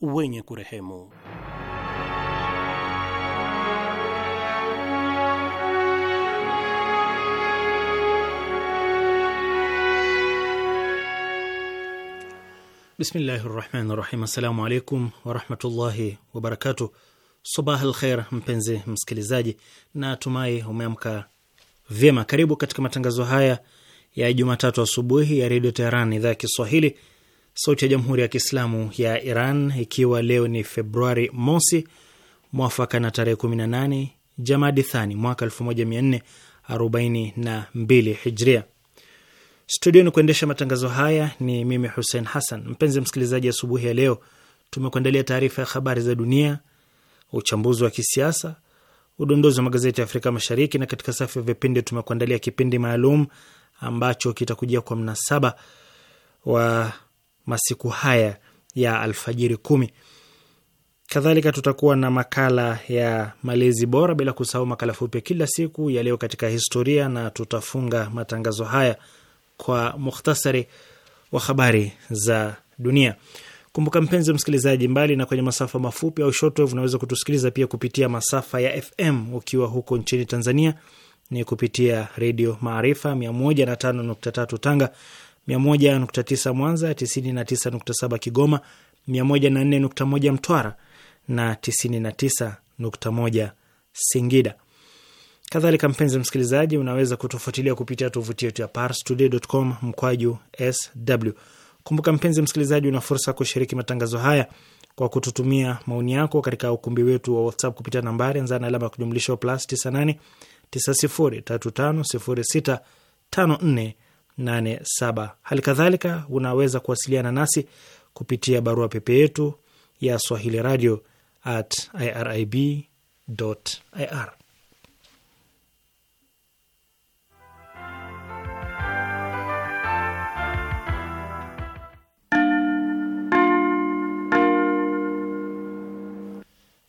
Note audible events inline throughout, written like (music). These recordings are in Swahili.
wenye kurehemu. Bismillahi rahmani rahim. Assalamu alaikum warahmatullahi wabarakatuh. Sabah al mpenzi msikilizaji, na tumai umeamka vyema. Karibu katika matangazo haya ya Jumatatu asubuhi ya redio Teheran, idhaa ya Kiswahili, sauti ya jamhuri ya kiislamu ya Iran, ikiwa leo ni Februari mosi mwafaka na tarehe 18 Jamadi Thani mwaka 1442 Hijria. Studio ni kuendesha matangazo haya ni mimi Hussein Hassan. Mpenzi msikilizaji, asubuhi ya leo tumekuandalia taarifa ya habari za dunia, uchambuzi wa kisiasa, udondozi wa magazeti ya Afrika Mashariki, na katika safu ya vipindi tumekuandalia kipindi maalum ambacho kitakujia kwa mnasaba wa masiku haya ya alfajiri kumi. Kadhalika tutakuwa na makala ya malezi bora, bila kusahau makala fupi kila siku ya leo katika historia, na tutafunga matangazo haya kwa mukhtasari wa habari za dunia. Kumbuka mpenzi msikilizaji, mbali na kwenye masafa mafupi au shortwave, unaweza kutusikiliza pia kupitia masafa ya FM. Ukiwa huko nchini Tanzania ni kupitia Redio Maarifa 105.3 Tanga 101.9 Mwanza, 99.7 Kigoma, 104.1 Mtwara na 99.1 Singida. Kadhalika mpenzi msikilizaji, unaweza kutufuatilia kupitia tovuti yetu ya parstoday.com mkwaju sw. Kumbuka mpenzi msikilizaji, una fursa kushiriki matangazo haya kwa kututumia maoni yako katika ukumbi wetu wa WhatsApp kupitia nambari nzana alama ya kujumlisha plus 98 90 54 7 Hali kadhalika unaweza kuwasiliana nasi kupitia barua pepe yetu ya swahili radio at irib ir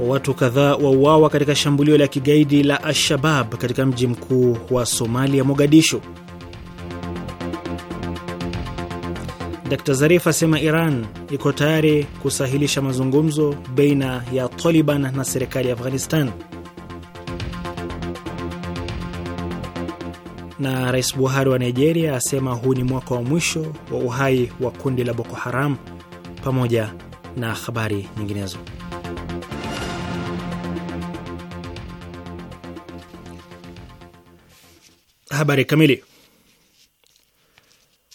Watu kadhaa wauawa katika shambulio la kigaidi la Al-Shabab katika mji mkuu wa Somalia, Mogadishu. Dkt Zarif asema Iran iko tayari kusahilisha mazungumzo baina ya Taliban na serikali ya Afghanistan. Na Rais Buhari wa Nigeria asema huu ni mwaka wa mwisho wa uhai wa kundi la Boko Haram, pamoja na habari nyinginezo. Habari kamili.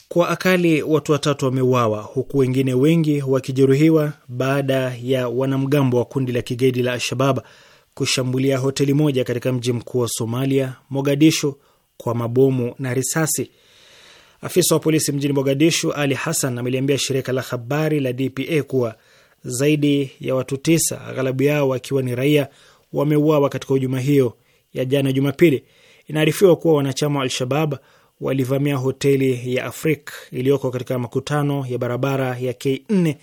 Kwa akali watu watatu wameuawa huku wengine wengi wakijeruhiwa baada ya wanamgambo wa kundi la kigaidi la Alshabab kushambulia hoteli moja katika mji mkuu wa Somalia, Mogadishu, kwa mabomu na risasi. Afisa wa polisi mjini Mogadishu, Ali Hassan, ameliambia shirika la habari la DPA kuwa zaidi ya watu tisa, aghalabu yao wakiwa ni raia, wameuawa katika hujuma hiyo ya jana Jumapili. Inaarifiwa kuwa wanachama wa Al-Shabab walivamia hoteli ya Afrik iliyoko katika makutano ya barabara ya K4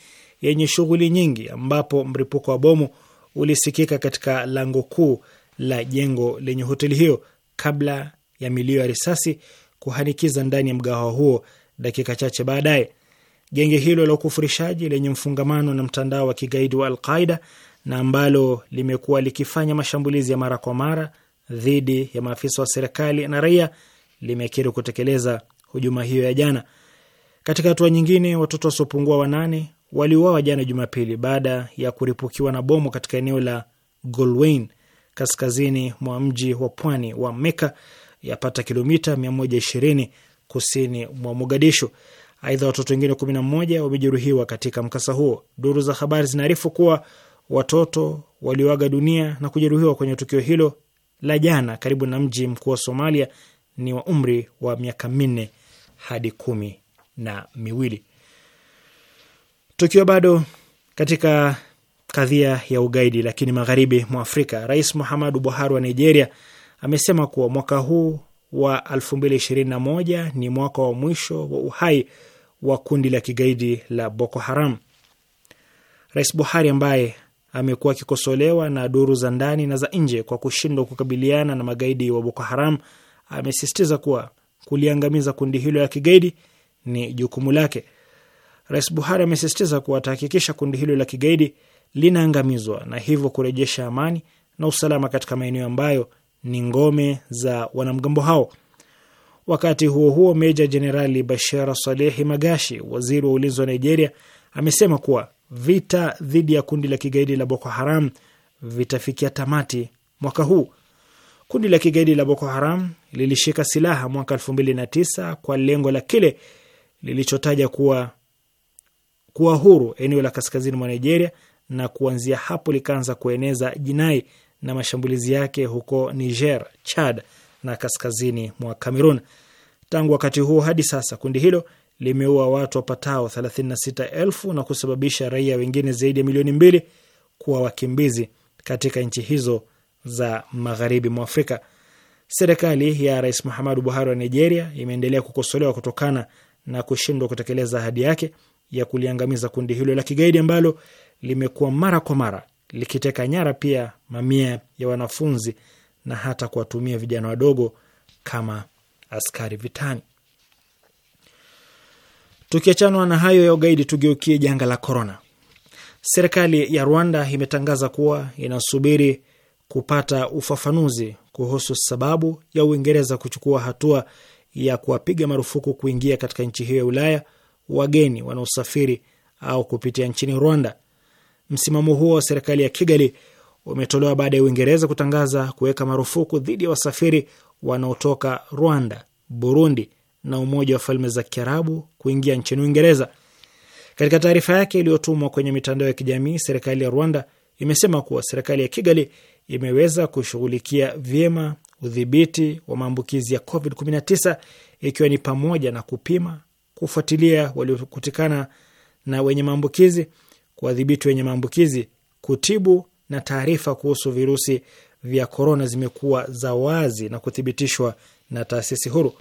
yenye shughuli nyingi, ambapo mripuko wa bomu ulisikika katika lango kuu la jengo lenye hoteli hiyo kabla ya milio ya risasi kuhanikiza ndani ya mgahawa huo dakika chache baadaye. Genge hilo la ukufurishaji lenye mfungamano na mtandao wa kigaidi wa Alqaida na ambalo limekuwa likifanya mashambulizi ya mara kwa mara dhidi ya maafisa wa serikali na raia limekiri kutekeleza hujuma hiyo ya jana. Katika hatua nyingine, watoto wasiopungua wanane waliuawa jana Jumapili baada ya kuripukiwa na bomu katika eneo la Golwayn kaskazini mwa mji wa pwani wa Meka, yapata kilomita 120 kusini mwa Mogadishu. Aidha, watoto wengine 11 wamejeruhiwa katika mkasa huo. Duru za habari zinaarifu kuwa watoto walioaga dunia na kujeruhiwa kwenye tukio hilo la jana karibu na mji mkuu wa Somalia ni wa umri wa miaka minne hadi kumi na miwili. Tukiwa bado katika kadhia ya ugaidi, lakini magharibi mwa Afrika, Rais Muhammadu Buhari wa Nigeria amesema kuwa mwaka huu wa 2021 ni mwaka wa mwisho wa uhai wa kundi la kigaidi la Boko Haram. Rais Buhari ambaye amekuwa akikosolewa na duru za ndani na za nje kwa kushindwa kukabiliana na magaidi wa Boko Haram, amesisitiza kuwa kuliangamiza kundi hilo la kigaidi ni jukumu lake. Rais Buhari amesisitiza kuwa atahakikisha kundi hilo la kigaidi linaangamizwa na hivyo kurejesha amani na usalama katika maeneo ambayo ni ngome za wanamgambo hao. Wakati huo huo, meja jenerali Bashara Salehi Magashi, waziri wa ulinzi wa Nigeria, amesema kuwa vita dhidi ya kundi la kigaidi la Boko Haram vitafikia tamati mwaka huu. Kundi la kigaidi la Boko Haram lilishika silaha mwaka elfu mbili na tisa kwa lengo la kile lilichotaja kuwa kuwa huru eneo la kaskazini mwa Nigeria, na kuanzia hapo likaanza kueneza jinai na mashambulizi yake huko Niger, Chad na kaskazini mwa Cameroon. Tangu wakati huo hadi sasa kundi hilo limeua watu wapatao 36,000 na kusababisha raia wengine zaidi ya milioni mbili kuwa wakimbizi katika nchi hizo za magharibi mwa Afrika. Serikali ya Rais Muhammadu Buhari wa Nigeria imeendelea kukosolewa kutokana na kushindwa kutekeleza ahadi yake ya kuliangamiza kundi hilo la kigaidi ambalo limekuwa mara kwa mara likiteka nyara pia mamia ya wanafunzi na hata kuwatumia vijana wadogo kama askari vitani. Tukiachana na hayo ya ugaidi, tugeukie janga la korona. Serikali ya Rwanda imetangaza kuwa inasubiri kupata ufafanuzi kuhusu sababu ya Uingereza kuchukua hatua ya kuwapiga marufuku kuingia katika nchi hiyo ya Ulaya wageni wanaosafiri au kupitia nchini Rwanda. Msimamo huo wa serikali ya Kigali umetolewa baada ya Uingereza kutangaza kuweka marufuku dhidi ya wasafiri wanaotoka Rwanda, Burundi, na Umoja wa Falme za Kiarabu kuingia nchini Uingereza. Katika taarifa yake iliyotumwa kwenye mitandao ya kijamii, serikali ya Rwanda imesema kuwa serikali ya Kigali imeweza kushughulikia vyema udhibiti wa maambukizi ya COVID-19 ikiwa ni pamoja na kupima, kufuatilia waliokutikana na wenye maambukizi, kuwadhibiti wenye maambukizi, kutibu na taarifa kuhusu virusi vya korona zimekuwa za wazi na kuthibitishwa na taasisi huru.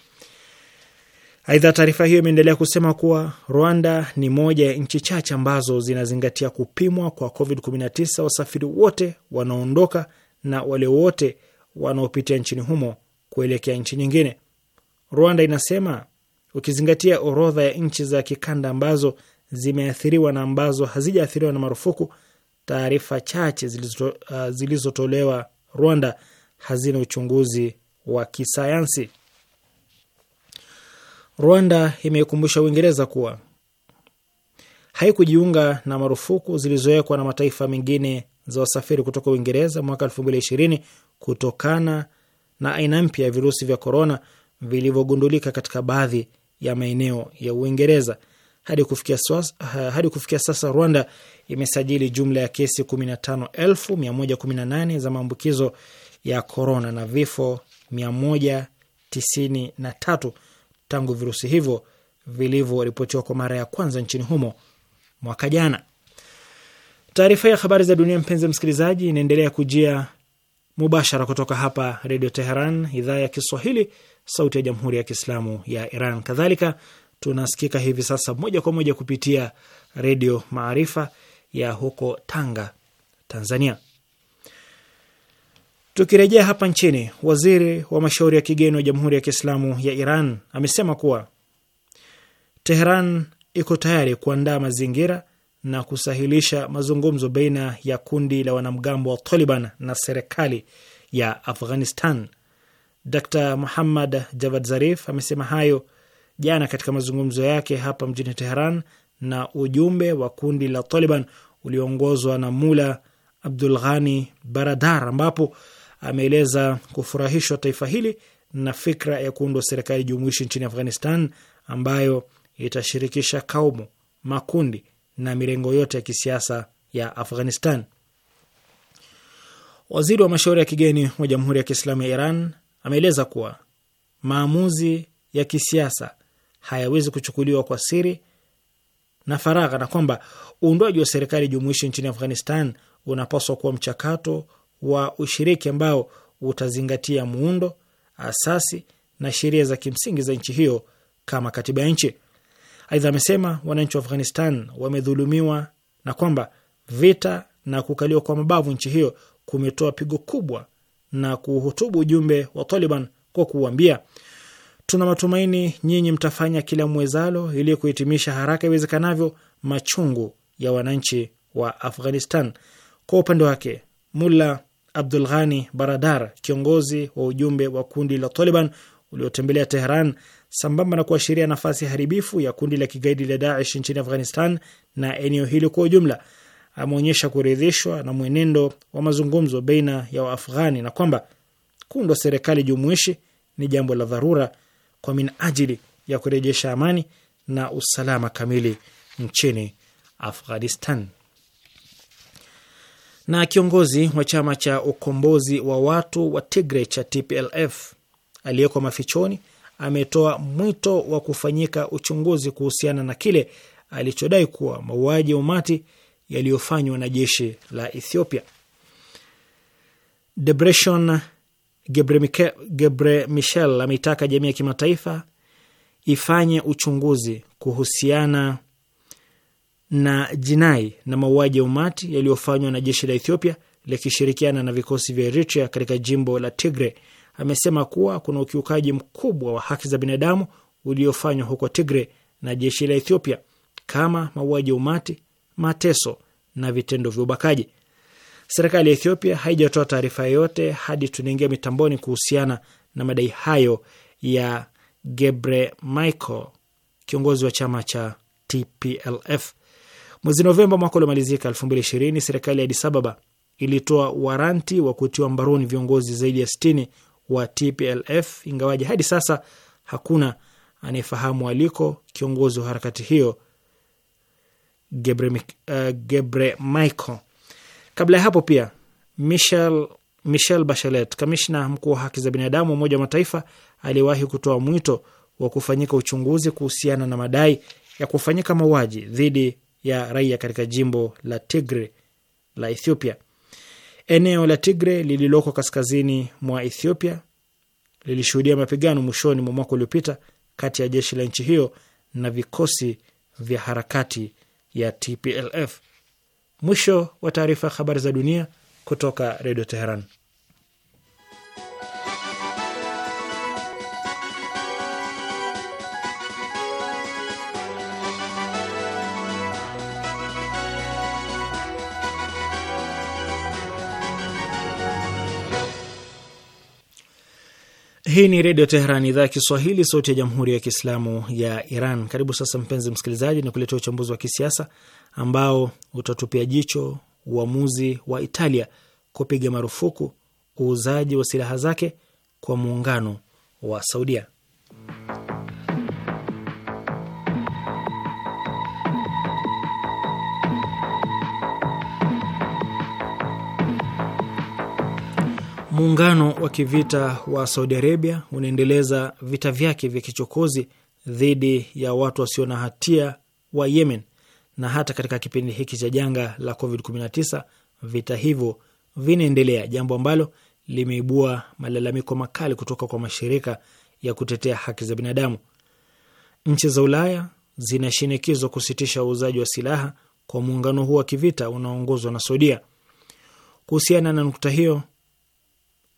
Aidha, taarifa hiyo imeendelea kusema kuwa Rwanda ni moja ya nchi chache ambazo zinazingatia kupimwa kwa COVID-19 wasafiri wote wanaoondoka na wale wote wanaopitia nchini humo kuelekea nchi nyingine. Rwanda inasema ukizingatia orodha ya nchi za kikanda ambazo zimeathiriwa na ambazo hazijaathiriwa na marufuku, taarifa chache uh, zilizotolewa Rwanda hazina uchunguzi wa kisayansi. Rwanda imeikumbusha Uingereza kuwa haikujiunga na marufuku zilizowekwa na mataifa mengine za wasafiri kutoka Uingereza mwaka ishirini kutokana na aina mpya ya virusi vya korona vilivyogundulika katika baadhi ya maeneo ya Uingereza. Hadi kufikia, swas, hadi kufikia sasa Rwanda imesajili jumla ya kesi 15,118 za maambukizo ya korona na vifo 193 tangu virusi hivyo vilivyoripotiwa kwa mara ya kwanza nchini humo mwaka jana. Taarifa ya habari za dunia, mpenzi msikilizaji, inaendelea kujia mubashara kutoka hapa Redio Teheran, idhaa ya Kiswahili, sauti ya jamhuri ya kiislamu ya Iran. Kadhalika tunasikika hivi sasa moja kwa moja kupitia Redio Maarifa ya huko Tanga, Tanzania. Tukirejea hapa nchini, waziri wa mashauri ya kigeni wa Jamhuri ya Kiislamu ya Iran amesema kuwa Teheran iko tayari kuandaa mazingira na kusahilisha mazungumzo baina ya kundi la wanamgambo wa Taliban na serikali ya Afghanistan. Dr Muhammad Javad Zarif amesema hayo jana katika mazungumzo yake hapa mjini Teheran na ujumbe wa kundi la Taliban ulioongozwa na Mula Abdul Ghani Baradar ambapo ameeleza kufurahishwa taifa hili na fikra ya kuundwa serikali jumuishi nchini Afghanistan ambayo itashirikisha kaumu, makundi na mirengo yote ya kisiasa ya Afghanistan. Waziri wa mashauri ya kigeni wa Jamhuri ya Kiislamu ya Iran ameeleza kuwa maamuzi ya kisiasa hayawezi kuchukuliwa kwa siri na faragha na kwamba uundwaji wa serikali jumuishi nchini Afghanistan unapaswa kuwa mchakato wa ushiriki ambao utazingatia muundo, asasi na sheria za kimsingi za nchi hiyo kama katiba ya nchi. Aidha, amesema wananchi wa Afghanistan wamedhulumiwa na kwamba vita na kukaliwa kwa mabavu nchi hiyo kumetoa pigo kubwa, na kuhutubu ujumbe wa Taliban kwa kuuambia, tuna matumaini nyinyi mtafanya kila mwezalo ili kuhitimisha haraka iwezekanavyo machungu ya wananchi wa Afghanistan. Kwa upande wake Mulla Abdul Ghani Baradar, kiongozi wa ujumbe wa kundi la Taliban uliotembelea Teheran, sambamba na kuashiria nafasi haribifu ya kundi la kigaidi la Daesh nchini Afghanistan na eneo hili kwa ujumla, ameonyesha kuridhishwa na mwenendo wa mazungumzo baina ya Waafghani na kwamba kuundwa serikali jumuishi ni jambo la dharura kwa minajili ya kurejesha amani na usalama kamili nchini Afghanistan na kiongozi wa chama cha ukombozi wa watu wa tigre cha TPLF aliyeko mafichoni ametoa mwito wa kufanyika uchunguzi kuhusiana na kile alichodai kuwa mauaji ya umati yaliyofanywa na jeshi la Ethiopia. Gebre michel ameitaka jamii ya kimataifa ifanye uchunguzi kuhusiana na jinai na mauaji ya umati yaliyofanywa na jeshi la Ethiopia likishirikiana na vikosi vya Eritrea katika jimbo la Tigre. Amesema kuwa kuna ukiukaji mkubwa wa haki za binadamu uliofanywa huko Tigre na jeshi la Ethiopia kama mauaji ya umati, mateso na vitendo vya ubakaji. Serikali ya Ethiopia haijatoa taarifa yoyote hadi tunaingia mitamboni kuhusiana na madai hayo ya Gebre Michael, kiongozi wa chama cha TPLF. Mwezi Novemba mwaka uliomalizika 2020, serikali ya Addis Ababa ilitoa waranti wa kutiwa mbaroni viongozi zaidi ya 60 wa TPLF, ingawaji hadi sasa hakuna anayefahamu aliko kiongozi wa harakati hiyo Gebre, uh, Gebre Michael. Kabla ya hapo pia Michel, Michel Bachelet, kamishna mkuu wa haki za binadamu wa Umoja wa Mataifa, aliyewahi kutoa mwito wa kufanyika uchunguzi kuhusiana na madai ya kufanyika mauaji dhidi ya raia katika jimbo la Tigre la Ethiopia. Eneo la Tigre lililoko kaskazini mwa Ethiopia lilishuhudia mapigano mwishoni mwa mwaka uliopita kati ya jeshi la nchi hiyo na vikosi vya harakati ya TPLF. Mwisho wa taarifa ya habari za dunia kutoka Redio Teheran. Hii ni Redio Teheran, idhaa ya Kiswahili, sauti ya Jamhuri ya Kiislamu ya Iran. Karibu sasa, mpenzi msikilizaji, ni kuletea uchambuzi wa kisiasa ambao utatupia jicho uamuzi wa Italia kupiga marufuku uuzaji wa silaha zake kwa muungano wa Saudia. Muungano wa kivita wa Saudi Arabia unaendeleza vita vyake vya kichokozi dhidi ya watu wasio na hatia wa Yemen, na hata katika kipindi hiki cha janga la COVID-19 vita hivyo vinaendelea, jambo ambalo limeibua malalamiko makali kutoka kwa mashirika ya kutetea haki za binadamu. Nchi za Ulaya zinashinikizwa kusitisha uuzaji wa silaha kwa muungano huu wa kivita unaoongozwa na Saudia. Kuhusiana na nukta hiyo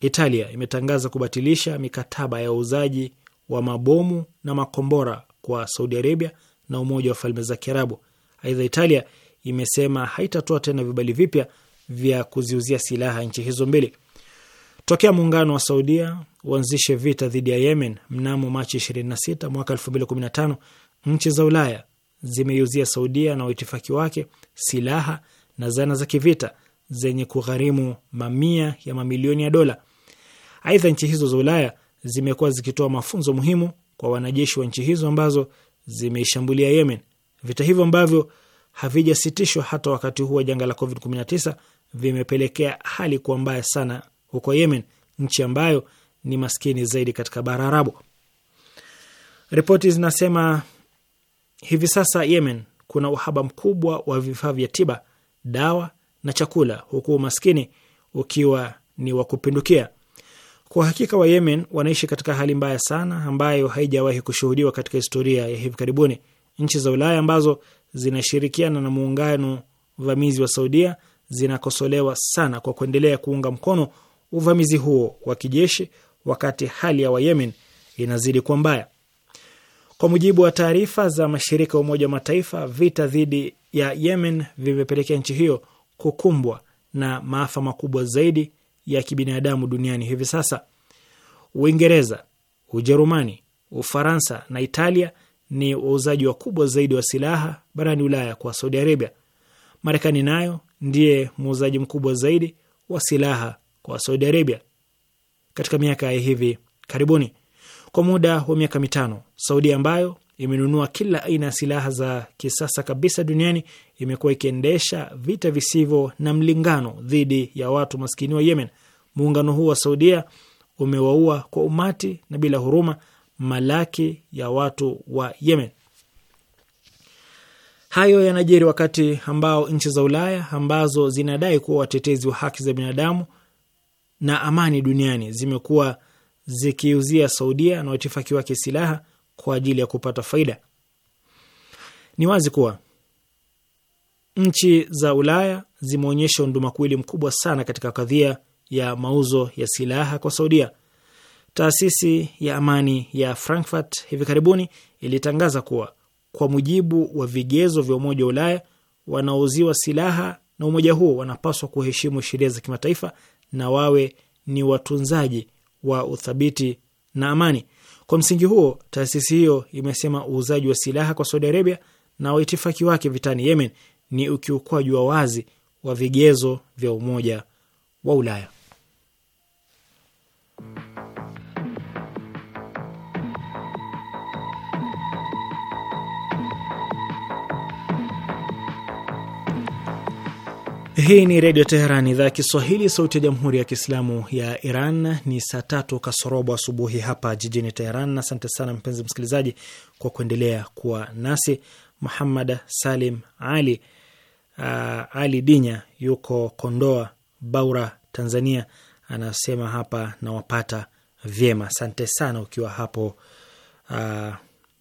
Italia imetangaza kubatilisha mikataba ya uuzaji wa mabomu na makombora kwa Saudi Arabia na Umoja wa Falme za Kiarabu. Aidha, Italia imesema haitatoa tena vibali vipya vya kuziuzia silaha nchi hizo mbili. Tokea muungano wa Saudia uanzishe vita dhidi ya Yemen mnamo Machi 26 mwaka 2015, nchi za Ulaya zimeiuzia Saudia na waitifaki wake silaha na zana za kivita zenye kugharimu mamia ya mamilioni ya dola Aidha, nchi hizo za Ulaya zimekuwa zikitoa mafunzo muhimu kwa wanajeshi wa nchi hizo ambazo zimeishambulia Yemen. Vita hivyo ambavyo havijasitishwa hata wakati huu wa janga la COVID-19 vimepelekea hali kuwa mbaya sana huko Yemen, nchi ambayo ni maskini zaidi katika bara Arabu. Ripoti zinasema hivi sasa Yemen kuna uhaba mkubwa wa vifaa vya tiba, dawa na chakula, huku umaskini ukiwa ni wa kupindukia. Kwa hakika wa Yemen wanaishi katika hali mbaya sana ambayo haijawahi kushuhudiwa katika historia ya hivi karibuni. Nchi za Ulaya ambazo zinashirikiana na muungano vamizi wa Saudia zinakosolewa sana kwa kuendelea kuunga mkono uvamizi huo wa kijeshi, wakati hali ya Wayemen inazidi kuwa mbaya. Kwa mujibu wa taarifa za mashirika ya Umoja wa Mataifa, vita dhidi ya Yemen vimepelekea nchi hiyo kukumbwa na maafa makubwa zaidi ya kibinadamu duniani hivi sasa. Uingereza, Ujerumani, Ufaransa na Italia ni wauzaji wakubwa zaidi wa silaha barani Ulaya kwa Saudi Arabia. Marekani nayo ndiye muuzaji mkubwa zaidi wa silaha kwa Saudi Arabia katika miaka ya hivi karibuni. Kwa muda wa miaka mitano, Saudi ambayo imenunua kila aina ya silaha za kisasa kabisa duniani, imekuwa ikiendesha vita visivyo na mlingano dhidi ya watu maskini wa Yemen. Muungano huu wa Saudia umewaua kwa umati na bila huruma malaki ya watu wa Yemen. Hayo yanajiri wakati ambao nchi za Ulaya ambazo zinadai kuwa watetezi wa haki za binadamu na amani duniani zimekuwa zikiuzia Saudia na watifaki wake silaha kwa ajili ya kupata faida. Ni wazi kuwa nchi za Ulaya zimeonyesha undumakuwili mkubwa sana katika kadhia ya mauzo ya silaha kwa Saudia. Taasisi ya amani ya Frankfurt hivi karibuni ilitangaza kuwa kwa mujibu wa vigezo vya Umoja wa Ulaya, wanaouziwa silaha na umoja huo wanapaswa kuheshimu sheria za kimataifa na wawe ni watunzaji wa uthabiti na amani. Kwa msingi huo, taasisi hiyo imesema uuzaji wa silaha kwa Saudi Arabia na waitifaki wake vitani Yemen ni ukiukwaji wa wazi wa vigezo vya Umoja wa Ulaya. Hii ni Redio Teheran, idhaa ya Kiswahili, sauti ya Jamhuri ya Kiislamu ya Iran. Ni saa tatu kasorobo asubuhi hapa jijini Teheran. Asante sana mpenzi msikilizaji kwa kuendelea kuwa nasi. Muhammad Salim Ali uh, Ali Dinya yuko Kondoa Baura, Tanzania, anasema hapa nawapata vyema. Asante sana ukiwa hapo uh,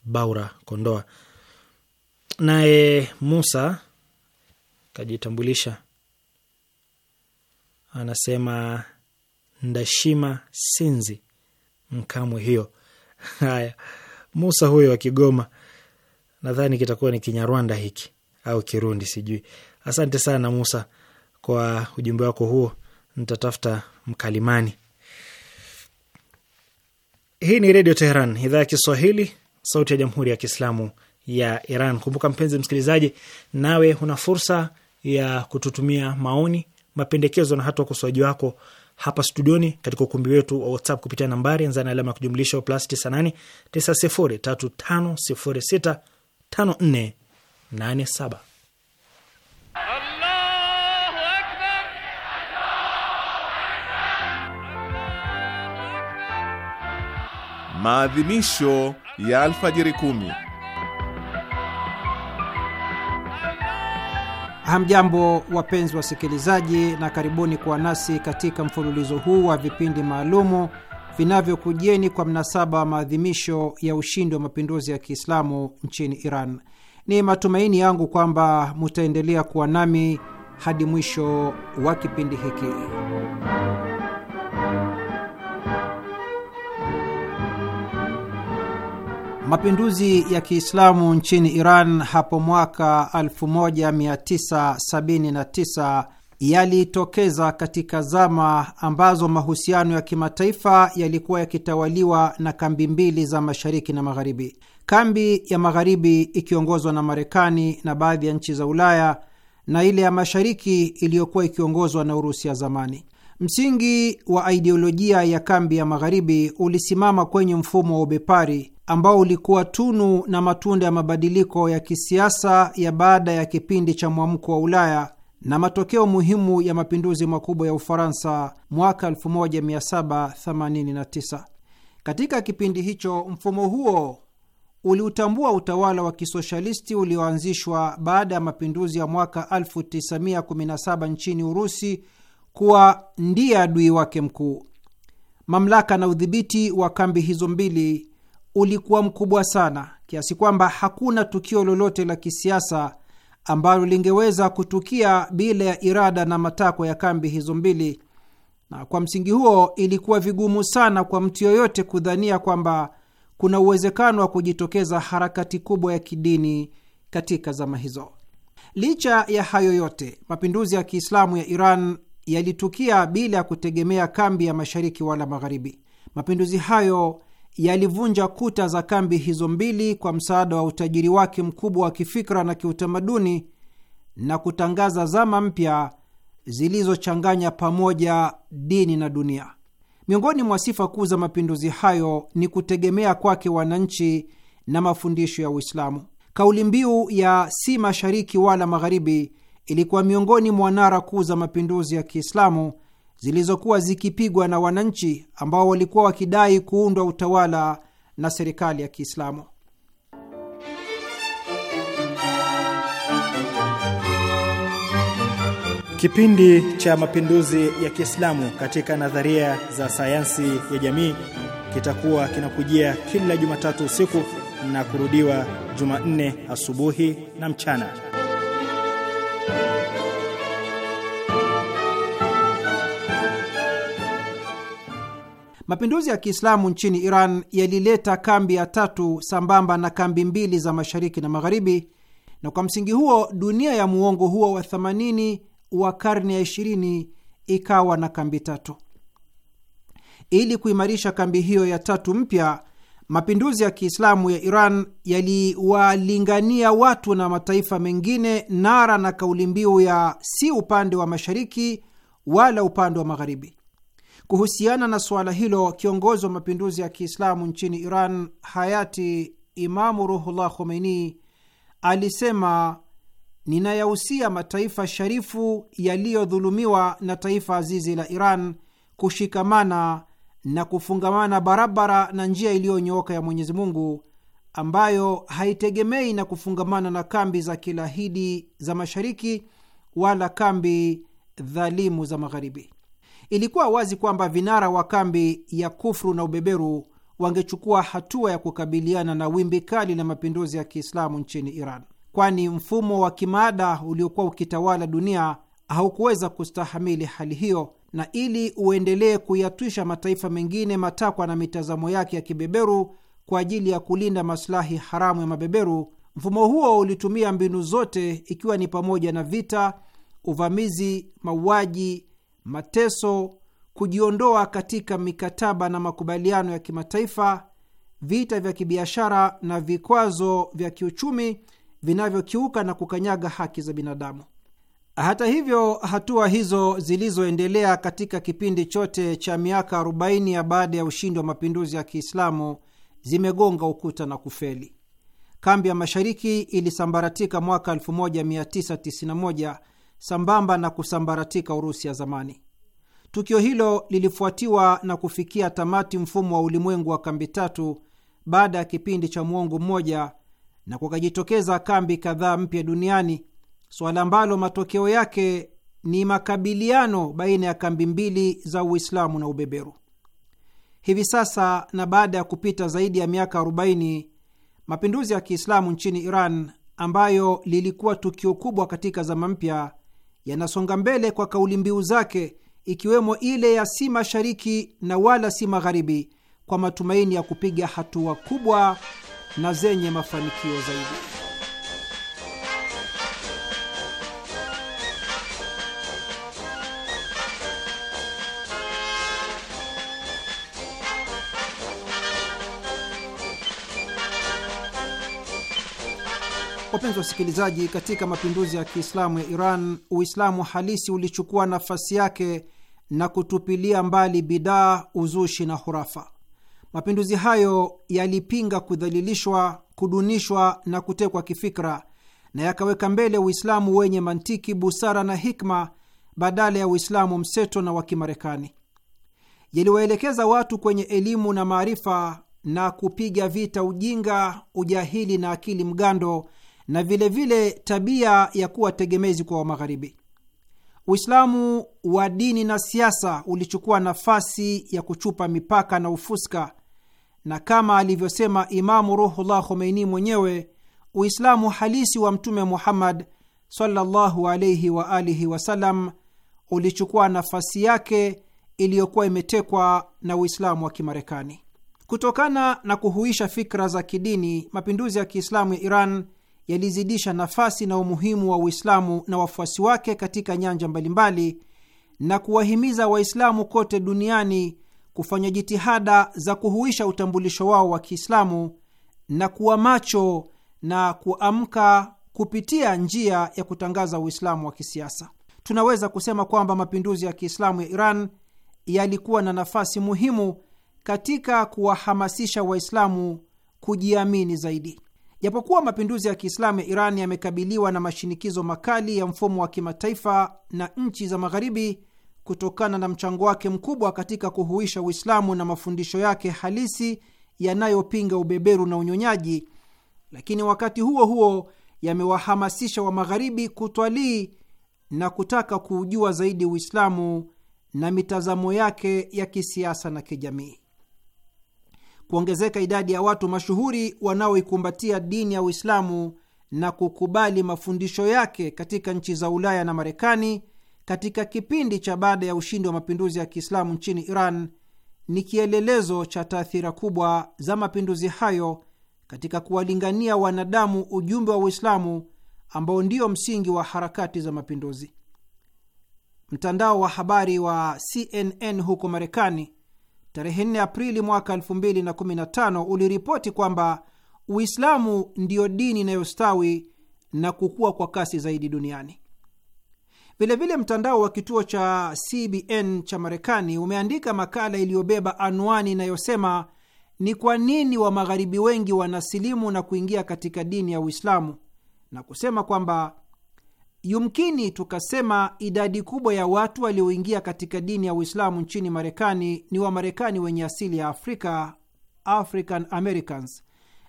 Baura, Kondoa. Naye Musa kajitambulisha anasema ndashima sinzi mkamwe hiyo. (laughs) Haya, Musa huyo wa Kigoma, nadhani kitakuwa ni Kinyarwanda hiki au Kirundi, sijui. Asante sana Musa kwa ujumbe wako huo, ntatafuta mkalimani. Hii ni Redio Teheran, idhaa ya Kiswahili, sauti ya Jamhuri ya Kiislamu ya Iran. Kumbuka mpenzi msikilizaji, nawe una fursa ya kututumia maoni mapendekezo na hata ukosoaji wako hapa studioni katika ukumbi wetu wa WhatsApp kupitia nambari anza na alama ya kujumlisha plus 98 903506 Maadhimisho ya alfajiri kumi. Hamjambo, wapenzi wasikilizaji, na karibuni kuwa nasi katika mfululizo huu wa vipindi maalumu vinavyokujieni kwa mnasaba wa maadhimisho ya ushindi wa mapinduzi ya Kiislamu nchini Iran. Ni matumaini yangu kwamba mutaendelea kuwa nami hadi mwisho wa kipindi hiki. Mapinduzi ya Kiislamu nchini Iran hapo mwaka 1979 yalitokeza katika zama ambazo mahusiano ya kimataifa yalikuwa yakitawaliwa na kambi mbili za mashariki na magharibi. Kambi ya magharibi ikiongozwa na Marekani na baadhi ya nchi za Ulaya na ile ya mashariki iliyokuwa ikiongozwa na Urusi ya zamani. Msingi wa idiolojia ya kambi ya magharibi ulisimama kwenye mfumo wa ubepari ambao ulikuwa tunu na matunda ya mabadiliko ya kisiasa ya baada ya kipindi cha mwamko wa Ulaya na matokeo muhimu ya mapinduzi makubwa ya Ufaransa mwaka 1789. Katika kipindi hicho, mfumo huo uliutambua utawala wa kisoshalisti ulioanzishwa baada ya mapinduzi ya mwaka 1917 nchini Urusi kuwa ndiye adui wake mkuu. Mamlaka na udhibiti wa kambi hizo mbili ulikuwa mkubwa sana kiasi kwamba hakuna tukio lolote la kisiasa ambalo lingeweza kutukia bila ya irada na matakwa ya kambi hizo mbili, na kwa msingi huo ilikuwa vigumu sana kwa mtu yoyote kudhania kwamba kuna uwezekano wa kujitokeza harakati kubwa ya kidini katika zama hizo. Licha ya hayo yote, mapinduzi ya Kiislamu ya Iran yalitukia bila ya kutegemea kambi ya mashariki wala magharibi. Mapinduzi hayo yalivunja kuta za kambi hizo mbili kwa msaada wa utajiri wake mkubwa wa kifikra na kiutamaduni na kutangaza zama mpya zilizochanganya pamoja dini na dunia. Miongoni mwa sifa kuu za mapinduzi hayo ni kutegemea kwake wananchi na mafundisho ya Uislamu. Kauli mbiu ya si mashariki wala magharibi ilikuwa miongoni mwa nara kuu za mapinduzi ya Kiislamu zilizokuwa zikipigwa na wananchi ambao walikuwa wakidai kuundwa utawala na serikali ya Kiislamu. Kipindi cha mapinduzi ya Kiislamu katika nadharia za sayansi ya jamii kitakuwa kinakujia kila Jumatatu usiku na kurudiwa Jumanne asubuhi na mchana. Mapinduzi ya Kiislamu nchini Iran yalileta kambi ya tatu sambamba na kambi mbili za mashariki na magharibi, na kwa msingi huo dunia ya muongo huo wa 80 wa karne ya 20 ikawa na kambi tatu. Ili kuimarisha kambi hiyo ya tatu mpya, mapinduzi ya Kiislamu ya Iran yaliwalingania watu na mataifa mengine nara na kauli mbiu ya si upande wa mashariki wala upande wa magharibi. Kuhusiana na suala hilo, kiongozi wa mapinduzi ya Kiislamu nchini Iran hayati Imamu Ruhullah Khomeini alisema, ninayahusia mataifa sharifu yaliyodhulumiwa na taifa azizi la Iran kushikamana na kufungamana barabara na njia iliyonyooka ya Mwenyezi Mungu ambayo haitegemei na kufungamana na kambi za kilahidi za mashariki wala kambi dhalimu za magharibi ilikuwa wazi kwamba vinara wa kambi ya kufru na ubeberu wangechukua hatua ya kukabiliana na wimbi kali la mapinduzi ya Kiislamu nchini Iran, kwani mfumo wa kimaada uliokuwa ukitawala dunia haukuweza kustahamili hali hiyo, na ili uendelee kuyatwisha mataifa mengine matakwa na mitazamo yake ya kibeberu kwa ajili ya kulinda masilahi haramu ya mabeberu, mfumo huo ulitumia mbinu zote, ikiwa ni pamoja na vita, uvamizi, mauaji mateso, kujiondoa katika mikataba na makubaliano ya kimataifa, vita vya kibiashara na vikwazo vya kiuchumi vinavyokiuka na kukanyaga haki za binadamu. Hata hivyo, hatua hizo zilizoendelea katika kipindi chote cha miaka 40 ya baada ya ushindi wa mapinduzi ya Kiislamu zimegonga ukuta na kufeli. Kambi ya mashariki ilisambaratika mwaka 1991 sambamba na kusambaratika Urusi ya zamani. Tukio hilo lilifuatiwa na kufikia tamati mfumo wa ulimwengu wa kambi tatu baada ya kipindi cha mwongo mmoja, na kukajitokeza kambi kadhaa mpya duniani, suala ambalo matokeo yake ni makabiliano baina ya kambi mbili za Uislamu na ubeberu. Hivi sasa na baada ya kupita zaidi ya miaka 40 mapinduzi ya Kiislamu nchini Iran ambayo lilikuwa tukio kubwa katika zama mpya yanasonga mbele kwa kauli mbiu zake, ikiwemo ile ya si mashariki na wala si magharibi, kwa matumaini ya kupiga hatua kubwa na zenye mafanikio zaidi. Wapenzi wasikilizaji, katika mapinduzi ya Kiislamu ya Iran, Uislamu halisi ulichukua nafasi yake na kutupilia mbali bidaa, uzushi na hurafa. Mapinduzi hayo yalipinga kudhalilishwa, kudunishwa na kutekwa kifikra na yakaweka mbele Uislamu wenye mantiki, busara na hikma badala ya Uislamu mseto na wa Kimarekani. Yaliwaelekeza watu kwenye elimu na maarifa na kupiga vita ujinga, ujahili na akili mgando na vilevile vile tabia ya kuwa tegemezi kwa Wamagharibi. Uislamu wa dini na siasa ulichukua nafasi ya kuchupa mipaka na ufuska, na kama alivyosema Imamu Ruhullah Khomeini mwenyewe, Uislamu halisi wa Mtume Muhammad sallallahu alayhi wa alihi wasallam ulichukua nafasi yake iliyokuwa imetekwa na Uislamu wa Kimarekani. Kutokana na kuhuisha fikra za kidini, mapinduzi ya Kiislamu ya Iran yalizidisha nafasi na umuhimu wa Uislamu na wafuasi wake katika nyanja mbalimbali na kuwahimiza Waislamu kote duniani kufanya jitihada za kuhuisha utambulisho wao wa Kiislamu na kuwa macho na kuamka kupitia njia ya kutangaza Uislamu wa kisiasa. Tunaweza kusema kwamba mapinduzi ya Kiislamu ya Iran yalikuwa na nafasi muhimu katika kuwahamasisha Waislamu kujiamini zaidi. Japokuwa mapinduzi ya Kiislamu ya Iran yamekabiliwa na mashinikizo makali ya mfumo wa kimataifa na nchi za Magharibi kutokana na mchango wake mkubwa katika kuhuisha Uislamu na mafundisho yake halisi yanayopinga ubeberu na unyonyaji, lakini wakati huo huo yamewahamasisha wa Magharibi kutwalii na kutaka kuujua zaidi Uislamu na mitazamo yake ya kisiasa na kijamii kuongezeka idadi ya watu mashuhuri wanaoikumbatia dini ya Uislamu na kukubali mafundisho yake katika nchi za Ulaya na Marekani katika kipindi cha baada ya ushindi wa mapinduzi ya Kiislamu nchini Iran ni kielelezo cha taathira kubwa za mapinduzi hayo katika kuwalingania wanadamu ujumbe wa Uislamu ambao ndio msingi wa harakati za mapinduzi. Mtandao wa habari wa CNN huko Marekani tarehe 4 Aprili mwaka 2015 uliripoti kwamba Uislamu ndiyo dini inayostawi na kukua kwa kasi zaidi duniani. Vilevile, mtandao wa kituo cha CBN cha Marekani umeandika makala iliyobeba anwani inayosema ni kwa nini wa magharibi wengi wanasilimu na kuingia katika dini ya Uislamu na kusema kwamba Yumkini tukasema idadi kubwa ya watu walioingia katika dini ya Uislamu nchini Marekani ni Wamarekani wenye asili ya Afrika, African Americans,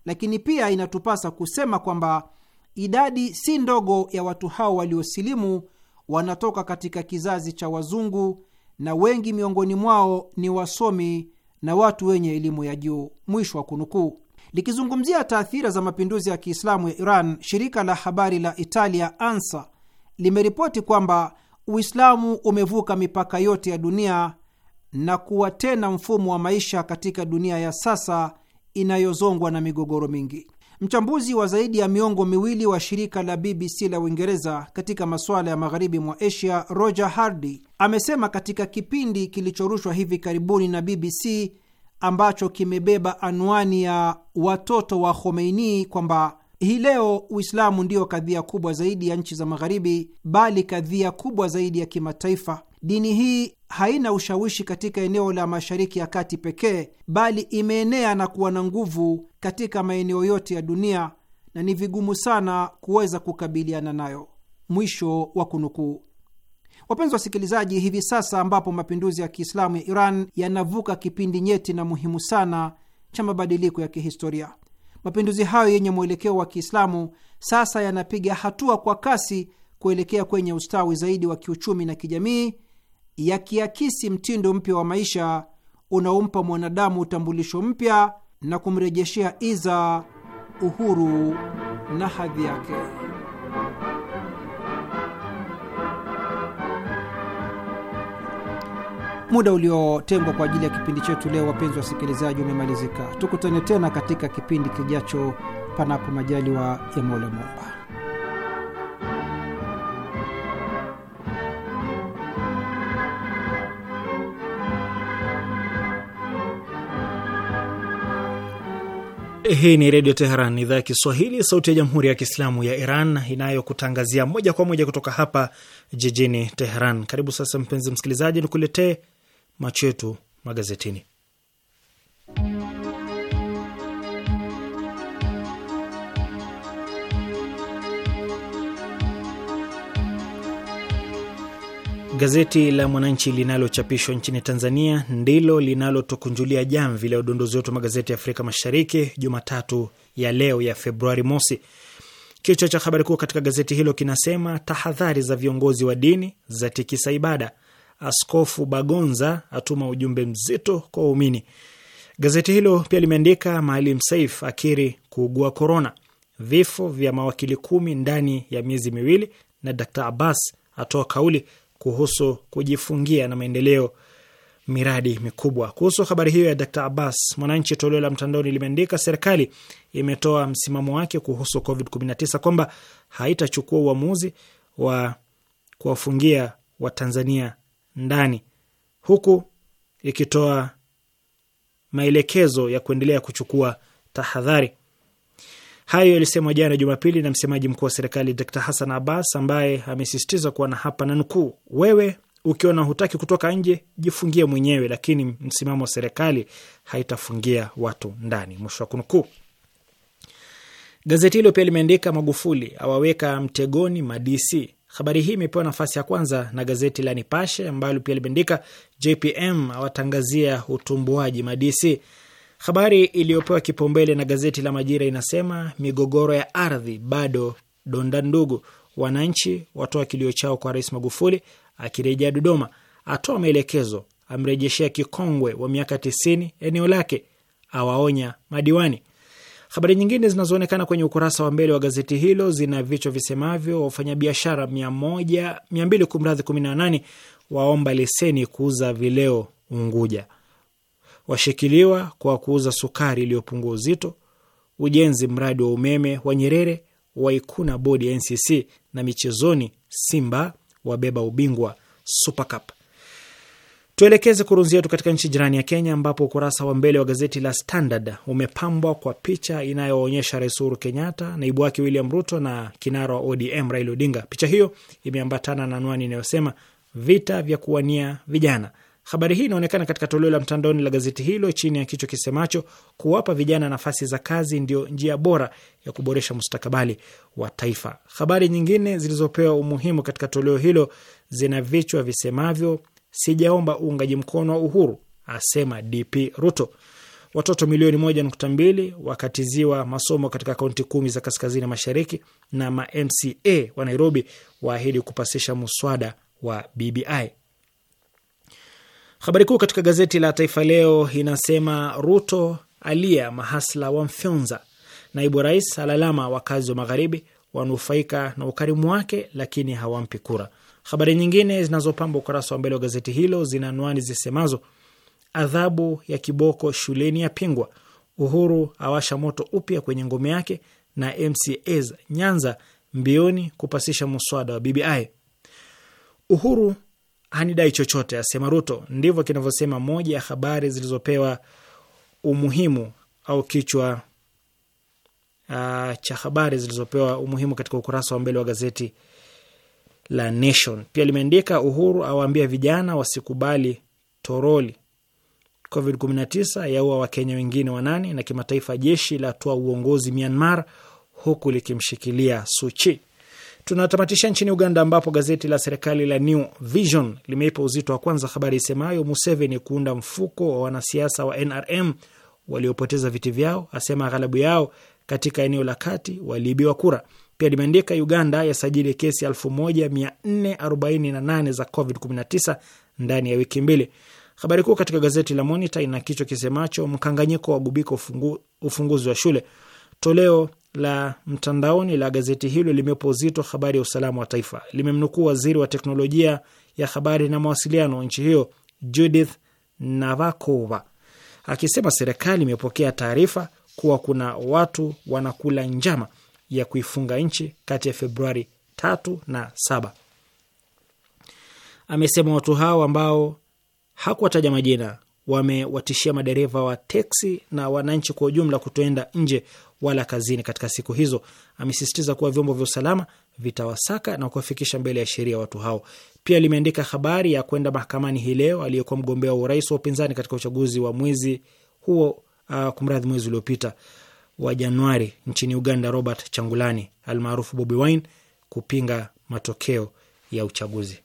lakini pia inatupasa kusema kwamba idadi si ndogo ya watu hao waliosilimu wanatoka katika kizazi cha wazungu na wengi miongoni mwao ni wasomi na watu wenye elimu ya juu. Mwisho wa kunukuu. Likizungumzia taathira za mapinduzi ya Kiislamu ya Iran, shirika la habari la Italia ANSA limeripoti kwamba Uislamu umevuka mipaka yote ya dunia na kuwa tena mfumo wa maisha katika dunia ya sasa inayozongwa na migogoro mingi. Mchambuzi wa zaidi ya miongo miwili wa shirika la BBC la Uingereza katika masuala ya magharibi mwa Asia, Roger Hardy, amesema katika kipindi kilichorushwa hivi karibuni na BBC ambacho kimebeba anwani ya watoto wa Khomeini kwamba hii leo Uislamu ndiyo kadhia kubwa zaidi ya nchi za Magharibi, bali kadhia kubwa zaidi ya kimataifa. Dini hii haina ushawishi katika eneo la Mashariki ya Kati pekee, bali imeenea na kuwa na nguvu katika maeneo yote ya dunia na ni vigumu sana kuweza kukabiliana nayo. Mwisho wa kunukuu. Wapenzi wasikilizaji, hivi sasa ambapo mapinduzi ya Kiislamu ya Iran yanavuka kipindi nyeti na muhimu sana cha mabadiliko ya kihistoria Mapinduzi hayo yenye mwelekeo wa Kiislamu sasa yanapiga hatua kwa kasi kuelekea kwenye ustawi zaidi wa kiuchumi na kijamii, yakiakisi mtindo mpya wa maisha unaompa mwanadamu utambulisho mpya na kumrejeshea iza, uhuru na hadhi yake. Muda uliotengwa kwa ajili ya kipindi chetu leo, wapenzi wasikilizaji, umemalizika. Tukutane tena katika kipindi kijacho, panapo majaliwa ya Mola Momba. Hii ni Redio Teheran, idhaa ya Kiswahili, sauti ya Jamhuri ya Kiislamu ya Iran, inayokutangazia moja kwa moja kutoka hapa jijini Teheran. Karibu sasa, mpenzi msikilizaji, nikuletee macho yetu magazetini. Gazeti la Mwananchi linalochapishwa nchini Tanzania ndilo linalotukunjulia jamvi la udondozi wetu magazeti ya Afrika Mashariki Jumatatu ya leo ya Februari mosi. Kichwa cha habari kuu katika gazeti hilo kinasema tahadhari za viongozi wa dini za tikisa ibada. Askofu Bagonza atuma ujumbe mzito kwa waumini. Gazeti hilo pia limeandika Maalim Saif akiri kuugua korona, vifo vya mawakili kumi ndani ya miezi miwili, na Dr Abbas atoa kauli kuhusu kujifungia na maendeleo miradi mikubwa. Kuhusu habari hiyo ya Dr Abbas, Mwananchi toleo la mtandaoni limeandika serikali imetoa msimamo wake kuhusu COVID-19 kwamba haitachukua uamuzi wa kuwafungia Watanzania ndani, huku ikitoa maelekezo ya kuendelea kuchukua tahadhari. Hayo yalisemwa jana Jumapili na msemaji mkuu wa serikali Dr Hassan Abbas, ambaye amesisitiza kuwa na hapa na nukuu, wewe ukiona hutaki kutoka nje jifungie mwenyewe, lakini msimamo wa serikali haitafungia watu ndani, mwisho wa kunukuu. Gazeti hilo pia limeandika Magufuli awaweka mtegoni madisi Habari hii imepewa nafasi ya kwanza na gazeti la Nipashe ambalo pia limeandika JPM awatangazia utumbuaji madc. Habari iliyopewa kipaumbele na gazeti la Majira inasema migogoro ya ardhi bado donda ndugu, wananchi watoa kilio chao kwa Rais Magufuli akirejea Dodoma, atoa maelekezo, amrejeshea kikongwe wa miaka tisini eneo lake, awaonya madiwani. Habari nyingine zinazoonekana kwenye ukurasa wa mbele wa gazeti hilo zina vichwa visemavyo: wafanyabiashara 218 waomba leseni kuuza vileo Unguja, washikiliwa kwa kuuza sukari iliyopungua uzito, ujenzi mradi wa umeme wa Nyerere waikuna bodi ya NCC, na michezoni, Simba wabeba ubingwa Super Cup. Tuelekeze kurunzi yetu katika nchi jirani ya Kenya, ambapo ukurasa wa mbele wa gazeti la Standard umepambwa kwa picha inayoonyesha Rais Uhuru Kenyatta, naibu wake William Ruto na kinara wa ODM Raila Odinga. Picha hiyo imeambatana na anwani inayosema vita vya kuwania vijana. Habari hii inaonekana katika toleo la mtandaoni la gazeti hilo chini ya kichwa kisemacho kuwapa vijana nafasi za kazi ndio njia bora ya kuboresha mustakabali wa taifa. Habari nyingine zilizopewa umuhimu katika toleo hilo zina vichwa visemavyo sijaomba uungaji mkono wa Uhuru, asema DP Ruto. Watoto milioni moja nukta mbili wakatiziwa masomo katika kaunti kumi za kaskazini mashariki, na ma MCA wa Nairobi waahidi kupasisha muswada wa BBI. Habari kuu katika gazeti la Taifa Leo inasema Ruto alia mahasla wa mfyonza, naibu rais alalama wakazi wa magharibi wanufaika na ukarimu wake, lakini hawampi kura. Habari nyingine zinazopamba ukurasa wa mbele wa gazeti hilo zina anwani zisemazo: adhabu ya kiboko shuleni yapingwa, Uhuru awasha moto upya kwenye ngome yake, na MCAs Nyanza mbioni kupasisha muswada wa BBI. Uhuru hanidai chochote, asema Ruto. Ndivyo kinavyosema moja ya habari zilizopewa umuhimu au kichwa uh, cha habari zilizopewa umuhimu katika ukurasa wa mbele wa gazeti la Nation. Pia limeandika Uhuru awaambia vijana wasikubali toroli. Covid-19 yaua Wakenya wengine wanane, na kimataifa jeshi la toa uongozi Myanmar huku likimshikilia Suchi. Tunatamatisha nchini Uganda, ambapo gazeti la serikali la New Vision limeipa uzito wa kwanza habari isemayo Museveni kuunda mfuko wa wanasiasa wa NRM waliopoteza viti vyao, asema ghalabu yao katika eneo la kati waliibiwa kura. Pia limeandika Uganda yasajili kesi 1448 za COVID-19 ndani ya wiki mbili. Habari kuu katika gazeti la Monitor ina kichwa kisemacho mkanganyiko wa gubiko ufungu, ufunguzi wa shule. Toleo la mtandaoni la gazeti hilo limepo uzito habari ya usalama wa taifa. Limemnukuu waziri wa teknolojia ya habari na mawasiliano nchi hiyo Judith Navakova akisema serikali imepokea taarifa kuwa kuna watu wanakula njama ya kuifunga nchi kati ya Februari tatu na saba. Amesema watu hao ambao hakuwataja majina wamewatishia madereva wa teksi na wananchi kwa ujumla kutoenda nje wala kazini katika siku hizo. Amesisitiza kuwa vyombo vya usalama vitawasaka na kuwafikisha mbele ya sheria watu hao. Pia limeandika habari ya kwenda mahakamani hii leo aliyekuwa mgombea wa urais wa upinzani katika uchaguzi wa mwezi huo, uh, kumradhi, mwezi uliopita wa Januari nchini Uganda, Robert Changulani almaarufu Bobi Wine kupinga matokeo ya uchaguzi.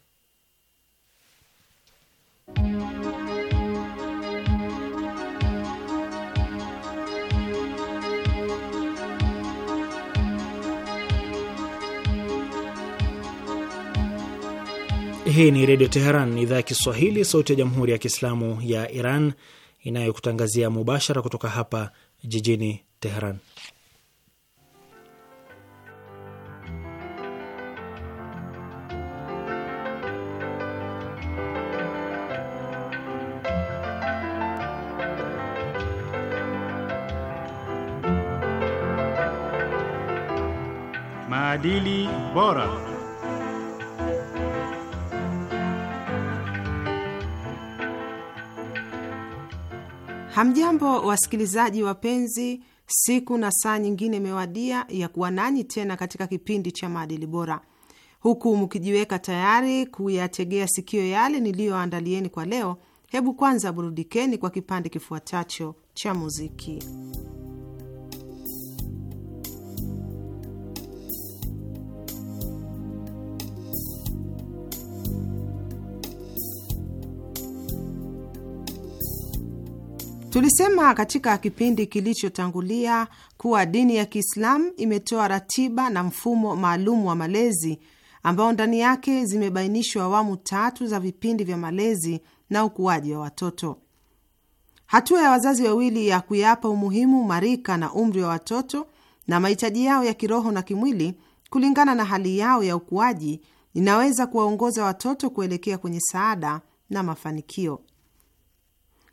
Hii ni Redio Teheran, idhaa ya Kiswahili, sauti ya Jamhuri ya Kiislamu ya Iran inayokutangazia mubashara kutoka hapa jijini Teheran. Maadili bora. Hamjambo, wasikilizaji wapenzi, Siku na saa nyingine imewadia ya kuwa nanyi tena katika kipindi cha maadili bora, huku mkijiweka tayari kuyategea sikio yale niliyoandalieni kwa leo. Hebu kwanza burudikeni kwa kipande kifuatacho cha muziki. Tulisema katika kipindi kilichotangulia kuwa dini ya Kiislamu imetoa ratiba na mfumo maalum wa malezi ambao ndani yake zimebainishwa awamu tatu za vipindi vya malezi na ukuaji wa watoto. Hatua ya wazazi wawili ya kuyapa umuhimu marika na umri wa watoto na mahitaji yao ya kiroho na kimwili kulingana na hali yao ya ukuaji inaweza kuwaongoza watoto kuelekea kwenye saada na mafanikio.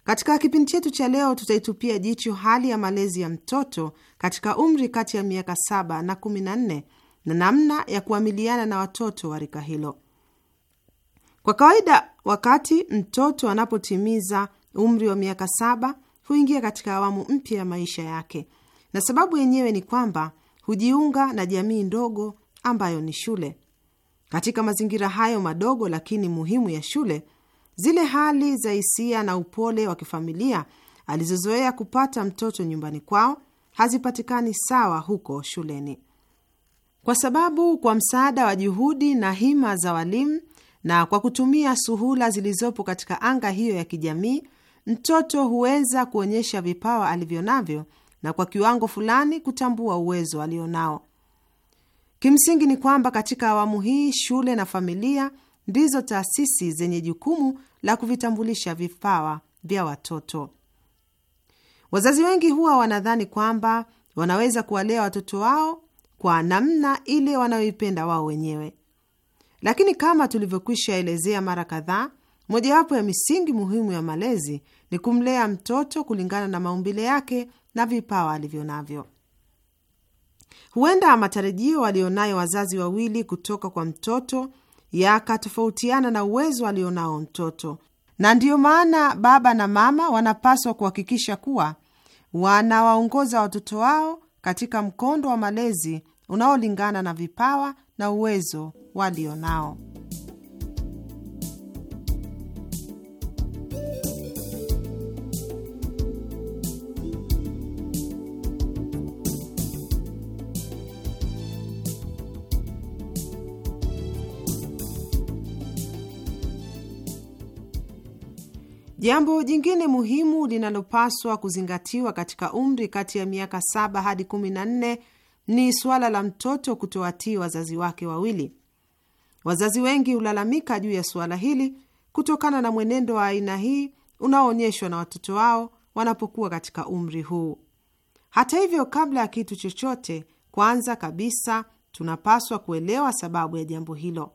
Katika kipindi chetu cha leo tutaitupia jicho hali ya malezi ya mtoto katika umri kati ya miaka saba na kumi na nne na namna ya kuamiliana na watoto wa rika hilo. Kwa kawaida, wakati mtoto anapotimiza umri wa miaka saba huingia katika awamu mpya ya maisha yake, na sababu yenyewe ni kwamba hujiunga na jamii ndogo ambayo ni shule. Katika mazingira hayo madogo lakini muhimu ya shule Zile hali za hisia na upole wa kifamilia alizozoea kupata mtoto nyumbani kwao hazipatikani sawa huko shuleni, kwa sababu kwa msaada wa juhudi na hima za walimu na kwa kutumia suhula zilizopo katika anga hiyo ya kijamii, mtoto huweza kuonyesha vipawa alivyo navyo na kwa kiwango fulani kutambua uwezo alionao. Kimsingi ni kwamba katika awamu hii shule na familia ndizo taasisi zenye jukumu la kuvitambulisha vipawa vya watoto. Wazazi wengi huwa wanadhani kwamba wanaweza kuwalea watoto wao kwa namna ile wanayoipenda wao wenyewe, lakini kama tulivyokwisha elezea mara kadhaa, mojawapo ya misingi muhimu ya malezi ni kumlea mtoto kulingana na maumbile yake na vipawa alivyo navyo. Huenda matarajio walionayo wazazi wawili kutoka kwa mtoto yakatofautiana na uwezo alionao mtoto, na ndiyo maana baba na mama wanapaswa kuhakikisha kuwa wanawaongoza watoto wao katika mkondo wa malezi unaolingana na vipawa na uwezo walionao. Jambo jingine muhimu linalopaswa kuzingatiwa katika umri kati ya miaka saba hadi kumi na nne ni suala la mtoto kutowatii wazazi wake wawili. Wazazi wengi hulalamika juu ya suala hili kutokana na mwenendo wa aina hii unaoonyeshwa na watoto wao wanapokuwa katika umri huu. Hata hivyo, kabla ya kitu chochote, kwanza kabisa tunapaswa kuelewa sababu ya jambo hilo.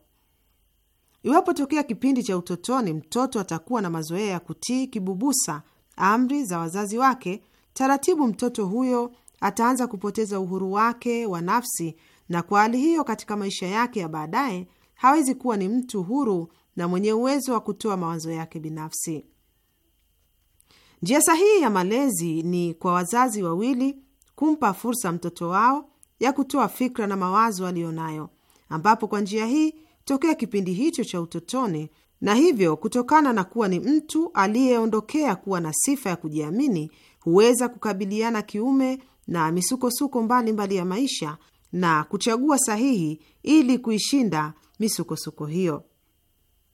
Iwapo tokea kipindi cha utotoni mtoto atakuwa na mazoea ya kutii kibubusa amri za wazazi wake, taratibu mtoto huyo ataanza kupoteza uhuru wake wa nafsi, na kwa hali hiyo, katika maisha yake ya baadaye hawezi kuwa ni mtu huru na mwenye uwezo wa kutoa mawazo yake binafsi. Njia sahihi ya malezi ni kwa wazazi wawili kumpa fursa mtoto wao ya kutoa fikra na mawazo aliyo nayo ambapo kwa njia hii tokea kipindi hicho cha utotoni, na hivyo kutokana na kuwa ni mtu aliyeondokea kuwa na sifa ya kujiamini, huweza kukabiliana kiume na misukosuko mbalimbali ya maisha na kuchagua sahihi ili kuishinda misukosuko hiyo.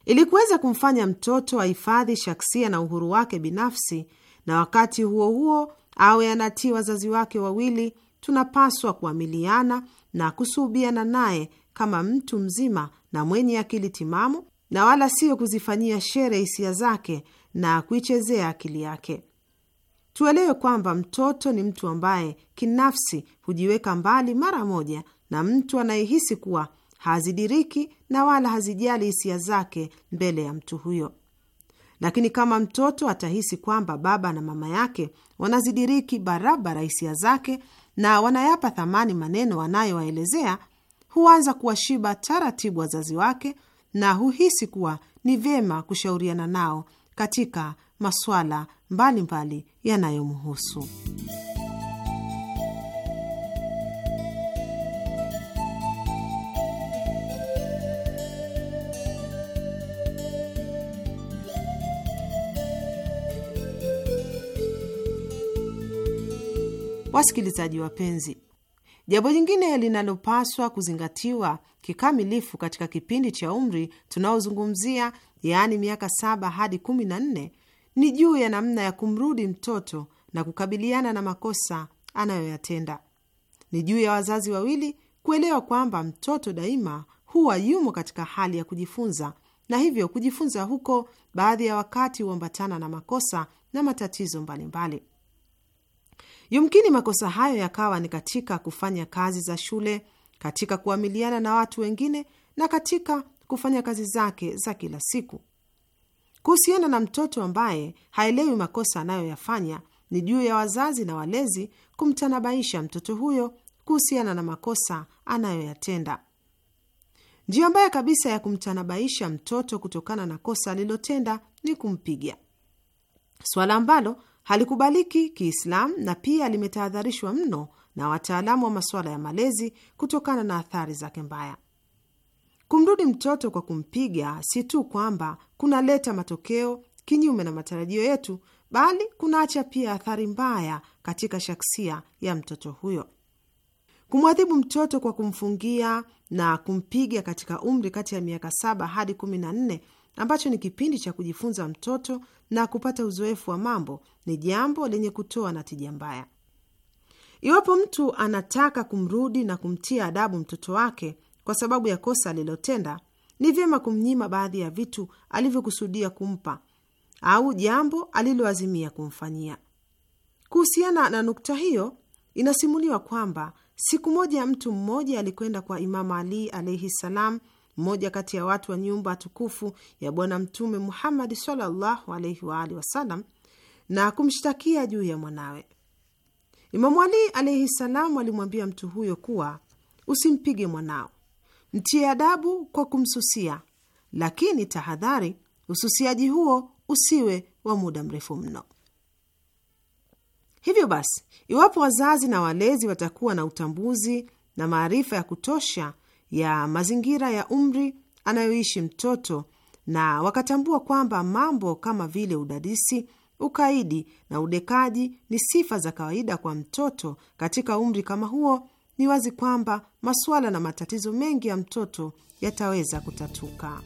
Ili kuweza kumfanya mtoto ahifadhi shaksia na uhuru wake binafsi, na wakati huo huo awe anatii wazazi wake wawili, tunapaswa kuamiliana na kusuhubiana naye kama mtu mzima na mwenye akili timamu, na wala siyo kuzifanyia shere hisia zake na kuichezea akili yake. Tuelewe kwamba mtoto ni mtu ambaye kinafsi hujiweka mbali mara moja na mtu anayehisi kuwa hazidiriki na wala hazijali hisia zake mbele ya mtu huyo. Lakini kama mtoto atahisi kwamba baba na mama yake wanazidiriki barabara hisia zake na wanayapa thamani maneno anayowaelezea, huanza kuwashiba taratibu wazazi wake na huhisi kuwa ni vyema kushauriana nao katika masuala mbalimbali yanayomhusu. Wasikilizaji wapenzi, Jambo jingine linalopaswa kuzingatiwa kikamilifu katika kipindi cha umri tunaozungumzia, yaani miaka saba hadi kumi na nne, ni juu ya namna ya kumrudi mtoto na kukabiliana na makosa anayoyatenda. Ni juu ya wazazi wawili kuelewa kwamba mtoto daima huwa yumo katika hali ya kujifunza, na hivyo kujifunza huko baadhi ya wakati huambatana na makosa na matatizo mbalimbali. Yumkini makosa hayo yakawa ni katika kufanya kazi za shule, katika kuamiliana na watu wengine na katika kufanya kazi zake za kila siku. Kuhusiana na mtoto ambaye haelewi makosa anayoyafanya, ni juu ya wazazi na walezi kumtanabaisha mtoto huyo kuhusiana na makosa anayoyatenda. Njia mbaya kabisa ya kumtanabaisha mtoto kutokana na kosa alilotenda ni kumpiga, swala ambalo halikubaliki Kiislamu na pia limetahadharishwa mno na wataalamu wa masuala ya malezi kutokana na athari zake mbaya. Kumrudi mtoto kwa kumpiga si tu kwamba kunaleta matokeo kinyume na matarajio yetu, bali kunaacha pia athari mbaya katika shaksia ya mtoto huyo. Kumwadhibu mtoto kwa kumfungia na kumpiga katika umri kati ya miaka saba hadi kumi na nne ambacho ni kipindi cha kujifunza mtoto na kupata uzoefu wa mambo, ni jambo lenye kutoa na tija mbaya. Iwapo mtu anataka kumrudi na kumtia adabu mtoto wake kwa sababu ya kosa alilotenda, ni vyema kumnyima baadhi ya vitu alivyokusudia kumpa au jambo aliloazimia kumfanyia. Kuhusiana na nukta hiyo, inasimuliwa kwamba siku moja mtu mmoja alikwenda kwa Imamu Ali alaihi salam mmoja kati ya watu wa nyumba tukufu ya Bwana Mtume Muhammadi sallallahu alaihi wasalam, na kumshtakia juu ya mwanawe. Imamu Ali alaihi salamu alimwambia mtu huyo kuwa usimpige mwanao, mtie adabu kwa kumsusia, lakini tahadhari, ususiaji huo usiwe wa muda mrefu mno. Hivyo basi, iwapo wazazi na walezi watakuwa na utambuzi na maarifa ya kutosha ya mazingira ya umri anayoishi mtoto na wakatambua kwamba mambo kama vile udadisi, ukaidi na udekaji ni sifa za kawaida kwa mtoto katika umri kama huo, ni wazi kwamba masuala na matatizo mengi ya mtoto yataweza kutatuka.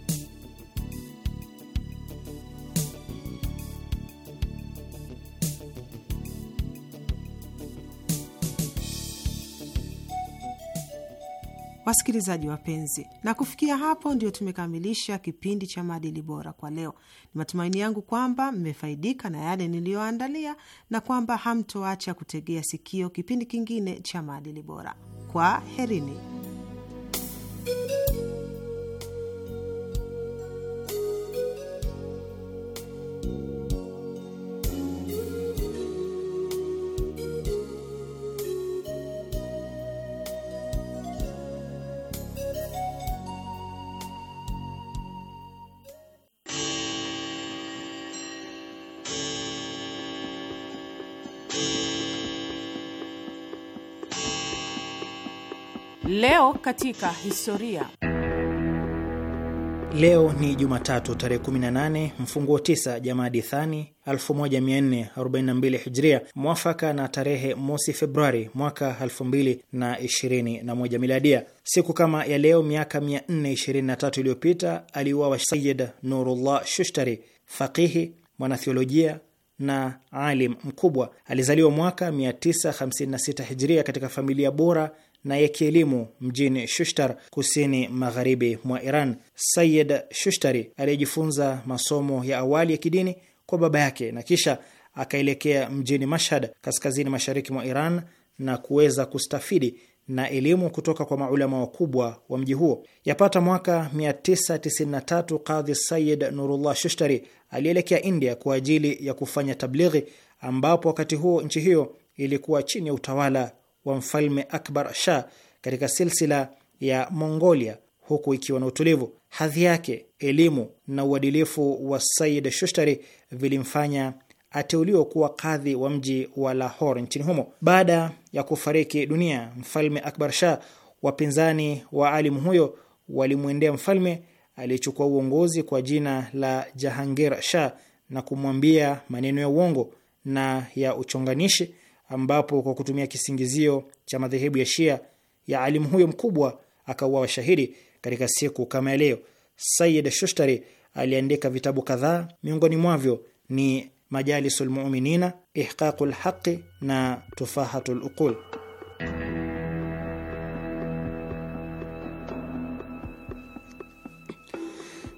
Wasikilizaji wapenzi, na kufikia hapo ndio tumekamilisha kipindi cha maadili bora kwa leo. Ni matumaini yangu kwamba mmefaidika na yale niliyoandalia na kwamba hamtoacha kutegea sikio kipindi kingine cha maadili bora. Kwa herini. Leo katika historia. Leo ni Jumatatu tarehe 18 mfunguo 9 Jamadi Thani 1442 Hijria, mwafaka na tarehe mosi Februari mwaka 2021 Miladia. Siku kama ya leo miaka 423 iliyopita aliuawa Sayid Nurullah Shushtari, faqihi, mwanathiolojia na alim mkubwa. Alizaliwa mwaka 956 Hijria katika familia bora na ya kielimu mjini Shushtar, kusini magharibi mwa Iran. Sayid Shushtari aliyejifunza masomo ya awali ya kidini kwa baba yake na kisha akaelekea mjini Mashhad, kaskazini mashariki mwa Iran na kuweza kustafidi na elimu kutoka kwa maulama wakubwa wa mji huo. Yapata mwaka 993 Qadhi Sayid Nurullah Shushtari alielekea India kwa ajili ya kufanya tablighi, ambapo wakati huo nchi hiyo ilikuwa chini ya utawala wa mfalme Akbar Shah katika silsila ya Mongolia, huku ikiwa na utulivu. Hadhi yake, elimu na uadilifu wa Said Shushtari vilimfanya ateuliwa kuwa kadhi wa mji wa Lahore nchini humo. Baada ya kufariki dunia mfalme Akbar Shah, wapinzani wa alimu huyo walimwendea mfalme aliyechukua uongozi kwa jina la Jahangir Shah na kumwambia maneno ya uongo na ya uchonganishi ambapo kwa kutumia kisingizio cha madhehebu ya Shia ya alimu huyo mkubwa akauawa shahidi katika siku kama ya leo. Sayyid Shushtari aliandika vitabu kadhaa, miongoni mwavyo ni Majalisul Muminina, Ihqaqul Haqi na Tufahatul Uqul.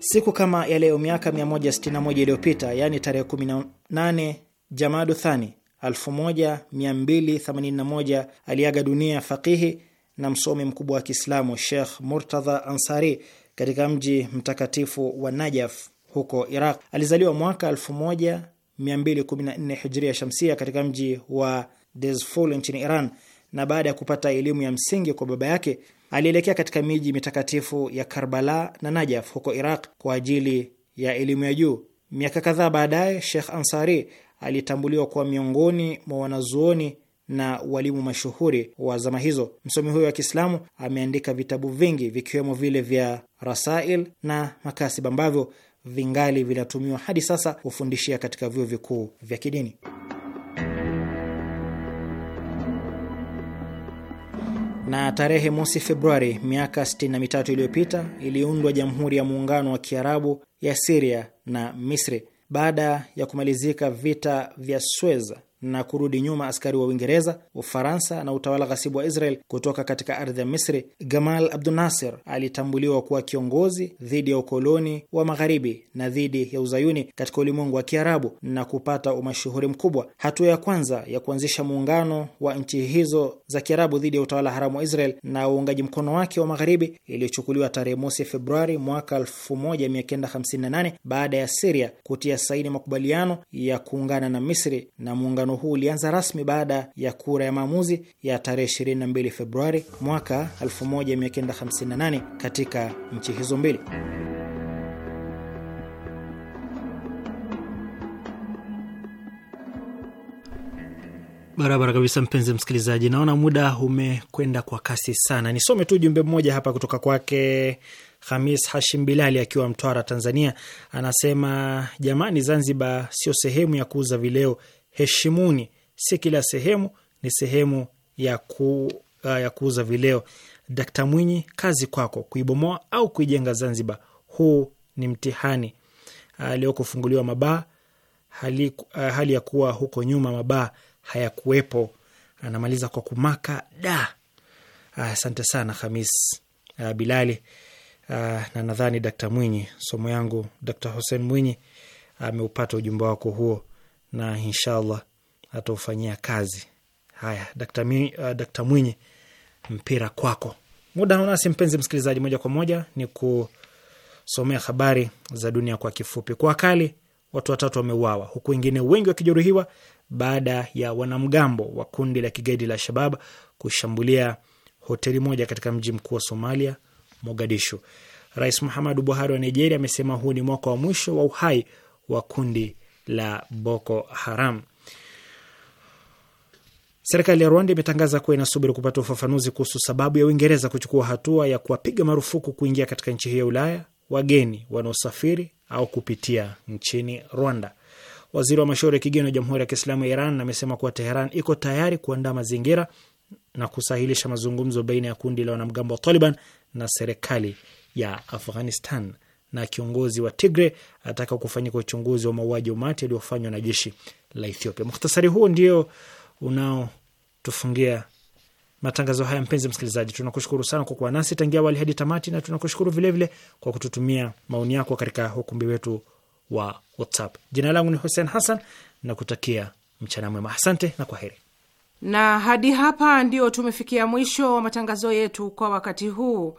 Siku kama ya leo miaka 161 iliyopita, yaani tarehe 18 Jamadu Thani 1281 aliaga dunia faqihi na msomi mkubwa wa Kiislamu Sheikh Murtadha Ansari katika mji mtakatifu wa Najaf huko Iraq. Alizaliwa mwaka 1214 Hijria Shamsia katika mji wa Dezful nchini Iran, na baada ya kupata elimu ya msingi kwa baba yake alielekea katika miji mitakatifu ya Karbala na Najaf huko Iraq kwa ajili ya elimu ya juu. Miaka kadhaa baadaye, Sheikh Ansari alitambuliwa kuwa miongoni mwa wanazuoni na walimu mashuhuri wa zama hizo. Msomi huyo wa Kiislamu ameandika vitabu vingi vikiwemo vile vya Rasail na Makasib ambavyo vingali vinatumiwa hadi sasa kufundishia katika vyuo vikuu vya kidini. Na tarehe mosi Februari miaka 63 iliyopita iliundwa Jamhuri ya Muungano wa Kiarabu ya Siria na Misri baada ya kumalizika vita vya Suez na kurudi nyuma askari wa Uingereza, Ufaransa na utawala ghasibu wa Israel kutoka katika ardhi ya Misri, Gamal Abdu Nasser alitambuliwa kuwa kiongozi dhidi ya ukoloni wa Magharibi na dhidi ya uzayuni katika ulimwengu wa Kiarabu na kupata umashuhuri mkubwa. Hatua ya kwanza ya kuanzisha muungano wa nchi hizo za Kiarabu dhidi ya utawala haramu wa Israel na uungaji mkono wake wa Magharibi iliyochukuliwa tarehe mosi Februari mwaka 1958 baada ya Siria kutia saini makubaliano ya kuungana na Misri na muungano mkutano huu ulianza rasmi baada ya kura ya maamuzi ya tarehe 22 Februari mwaka 1958 katika nchi hizo mbili. Barabara kabisa, mpenzi msikilizaji, naona muda umekwenda kwa kasi sana. Nisome tu jumbe mmoja hapa kutoka kwake Hamis Hashim Bilali akiwa Mtwara, Tanzania, anasema jamani, Zanzibar sio sehemu ya kuuza vileo, heshimuni, si kila sehemu ni sehemu ya, ku, uh, ya kuuza vileo. Dkt Mwinyi, kazi kwako kuibomoa au kuijenga Zanzibar. Huu ni mtihani. aliokufunguliwa ah, mabaa, hali, ah, hali ya kuwa huko nyuma mabaa hayakuwepo. Anamaliza kwa kumaka da. Asante sana Hamis Bilali na nadhani Dkt Mwinyi, somo yangu Dkt Hussein Mwinyi ameupata ujumbe wako huo na inshallah ataufanyia kazi. Haya, Dakta uh, Mwinyi, mpira kwako. Muda haunasi, mpenzi msikilizaji, moja kwa moja ni kusomea habari za dunia kwa kifupi. Kwa kali, watu watatu wameuawa huku wengine wengi wakijeruhiwa baada ya wanamgambo wa kundi la kigaidi la Shabab kushambulia hoteli moja katika mji mkuu wa Somalia, Mogadishu. Rais Muhammadu Buhari wa Nigeria amesema huu ni mwaka wa mwisho wa uhai wa kundi la Boko Haram. Serikali ya Rwanda imetangaza kuwa inasubiri kupata ufafanuzi kuhusu sababu ya Uingereza kuchukua hatua ya kuwapiga marufuku kuingia katika nchi hiyo ya Ulaya wageni wanaosafiri au kupitia nchini Rwanda. Waziri wa mashauri ya kigeni wa Jamhuri ya Kiislamu ya Iran amesema kuwa Teheran iko tayari kuandaa mazingira na kusahilisha mazungumzo baina ya kundi la wanamgambo wa Taliban na serikali ya Afghanistan na kiongozi wa Tigre ataka kufanyika uchunguzi wa mauaji umati yaliyofanywa na jeshi la Ethiopia. Mukhtasari huo ndio unaotufungia matangazo haya. Mpenzi msikilizaji, tunakushukuru sana kwa kuwa nasi tangia awali hadi tamati, na tunakushukuru vilevile kwa kututumia maoni yako katika ukumbi wetu wa WhatsApp. Jina langu ni Hussein Hassan na kutakia mchana mwema. Asante na kwaheri. Na hadi hapa ndio tumefikia mwisho wa matangazo yetu kwa wakati huu.